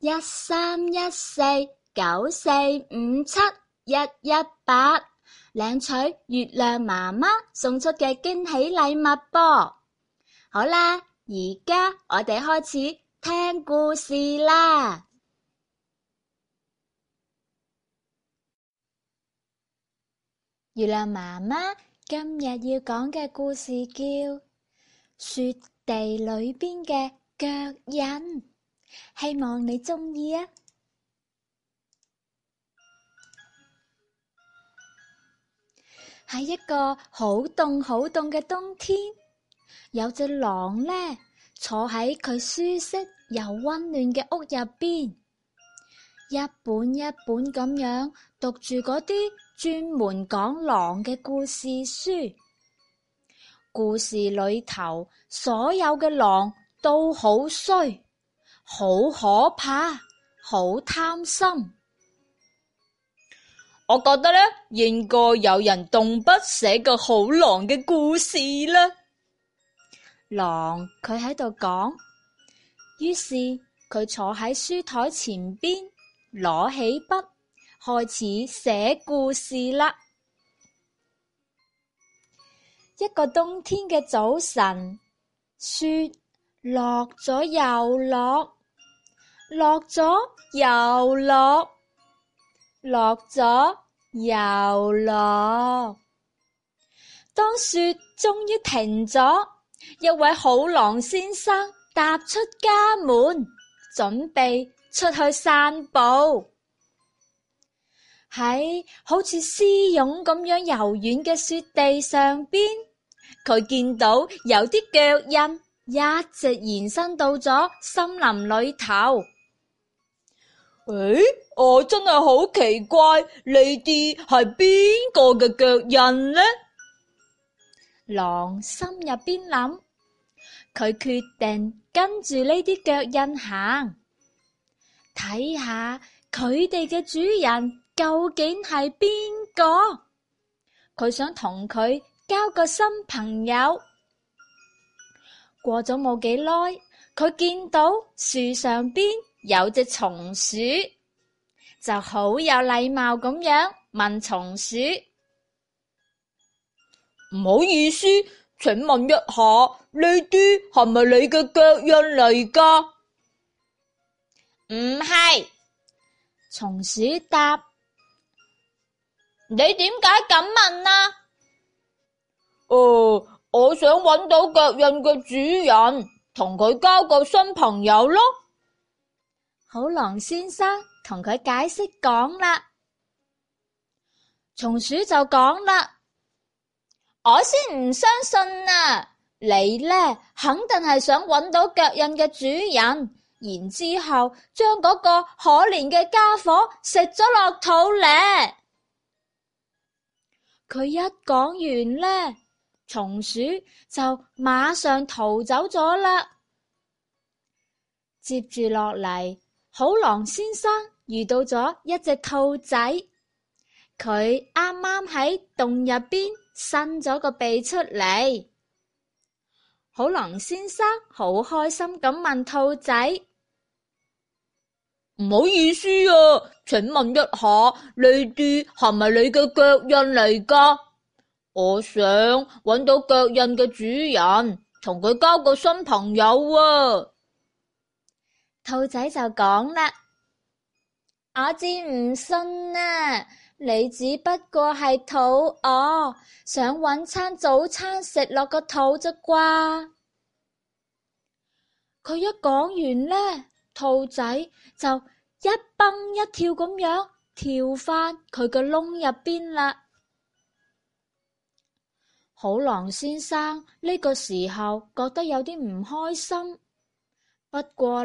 一三一四九四五七一一八，領取月亮媽媽送出嘅驚喜禮物啵！好啦，而家我哋開始聽故事啦。月亮媽媽今日要講嘅故事叫《雪地裏邊嘅腳印》。希望你鍾意啊！喺一個好凍、好凍嘅冬天，有隻狼呢，坐喺佢舒適又溫暖嘅屋入邊，一本一本咁樣讀住嗰啲專門講狼嘅故事書。故事裏頭，所有嘅狼都好衰。好可怕，好貪心。我覺得呢，應該有人動筆寫個好狼嘅故事啦。狼佢喺度講，於是佢坐喺書枱前邊，攞起筆開始寫故事啦。一個冬天嘅早晨，雪落咗又落。落咗又落，落咗又落。當雪終於停咗，一位好狼先生踏出家門，準備出去散步。喺、哎、好似絲絨咁樣柔軟嘅雪地上邊，佢見到有啲腳印一直延伸到咗森林裏頭。誒、欸，我真係好奇怪，你哋係邊個嘅腳印呢？狼心入邊諗，佢決定跟住呢啲腳印行，睇下佢哋嘅主人究竟係邊個。佢想同佢交個新朋友。過咗冇幾耐，佢見到樹上邊。有隻松鼠就好有禮貌咁樣問松鼠：唔好意思，請問一下呢啲係咪你嘅腳印嚟噶？唔係。松鼠答：你點解咁問啊？哦、呃，我想揾到腳印嘅主人，同佢交個新朋友咯。好狼先生同佢解釋講啦，松鼠就講啦：我先唔相信啊！你呢肯定係想揾到腳印嘅主人，然之後將嗰個可憐嘅家伙食咗落肚咧。佢一講完呢，松鼠就馬上逃走咗啦。接住落嚟。好狼先生遇到咗一隻兔仔，佢啱啱喺洞入邊伸咗個鼻出嚟。好狼先生好開心咁問兔仔：唔好意思啊，請問一下，呢啲係咪你嘅腳印嚟㗎？我想揾到腳印嘅主人，同佢交個新朋友啊！兔仔就講啦，我知唔信呢、啊？你只不過係肚餓，想揾餐早餐食落個肚咋啩。佢一講完呢，兔仔就一蹦一跳咁樣跳返佢個窿入邊啦。好狼先生呢個時候覺得有啲唔開心，不過。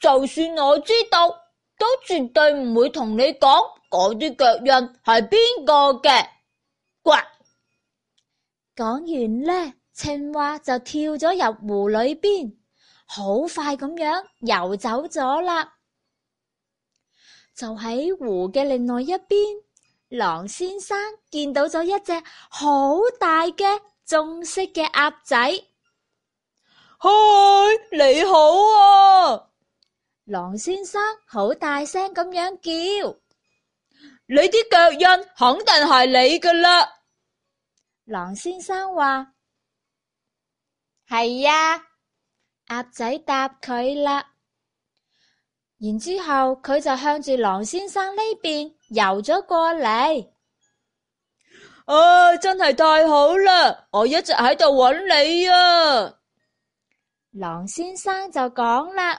就算我知道，都絕對唔會同你講嗰啲腳印係邊個嘅。喂、呃，講完呢，青蛙就跳咗入湖裏邊，好快咁樣游走咗啦。就喺湖嘅另外一邊，狼先生見到咗一隻好大嘅棕色嘅鴨仔。嗨，你好啊！狼先生好大聲咁樣叫，你啲腳印肯定係你噶啦。狼先生話：係呀。鴨仔答佢啦。然之後佢就向住狼先生呢邊游咗過嚟。啊、哦！真係太好啦，我一直喺度揾你啊。狼先生就講啦。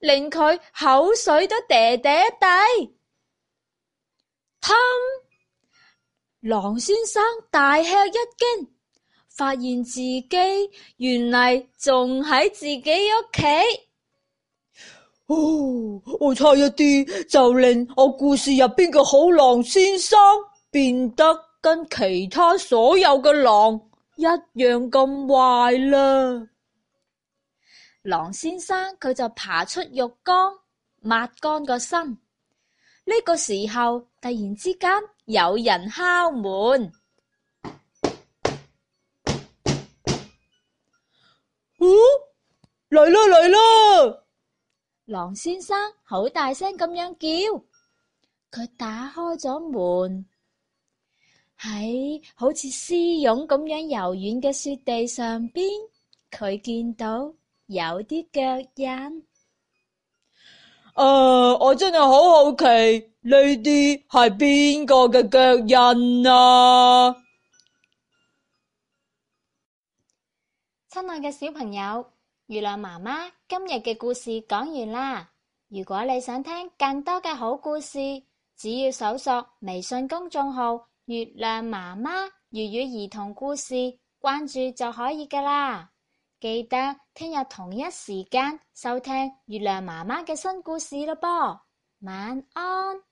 令佢口水都嗲嗲地，哼，狼先生大吃一驚，發現自己原嚟仲喺自己屋企。哦，我差一啲就令我故事入邊嘅好狼先生變得跟其他所有嘅狼一樣咁壞啦。狼先生佢就爬出浴缸，抹乾個身。呢個時候突然之間有人敲門，嗚！嚟啦嚟啦！狼先生好大聲咁樣叫，佢打開咗門，喺好似絲絨咁樣柔軟嘅雪地上邊，佢見到。有啲腳印。誒、呃，我真係好好奇，呢啲係邊個嘅腳印啊？親愛嘅小朋友，月亮媽媽今日嘅故事講完啦。如果你想聽更多嘅好故事，只要搜索微信公眾號“月亮媽媽粵語兒童故事”，關注就可以噶啦。記得聽日同一時間收聽月亮媽媽嘅新故事咯噃，晚安。